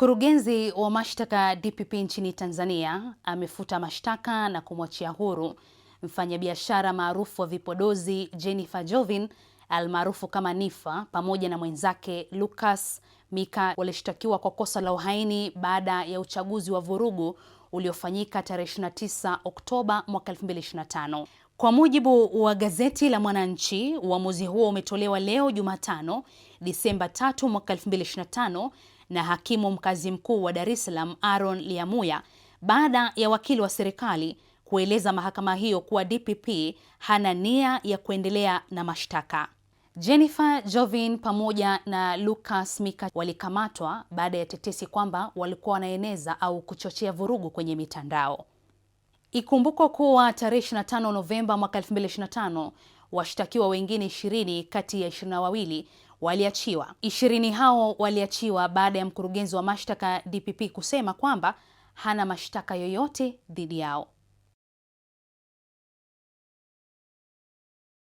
Mkurugenzi wa mashtaka DPP nchini Tanzania amefuta mashtaka na kumwachia huru mfanyabiashara maarufu wa vipodozi Jennifer Jovin almaarufu kama Niffer pamoja na mwenzake Lucas Mika walishtakiwa kwa kosa la uhaini baada ya uchaguzi wa vurugu uliofanyika tarehe 29 Oktoba mwaka 2025. Kwa mujibu wa gazeti la Mwananchi, uamuzi huo umetolewa leo Jumatano, Disemba 3 mwaka 2025 na hakimu mkazi mkuu wa Dar es Salaam Aaron liamuya baada ya wakili wa serikali kueleza mahakama hiyo kuwa DPP hana nia ya kuendelea na mashtaka. Jennifer Jovin pamoja na Lucas Mika walikamatwa baada ya tetesi kwamba walikuwa wanaeneza au kuchochea vurugu kwenye mitandao. Ikumbukwa kuwa tarehe 25 Novemba mwaka 2025 washtakiwa wengine 20 kati ya 22 wawili waliachiwa. Ishirini hao waliachiwa baada ya mkurugenzi wa mashtaka DPP kusema kwamba hana mashtaka yoyote dhidi yao.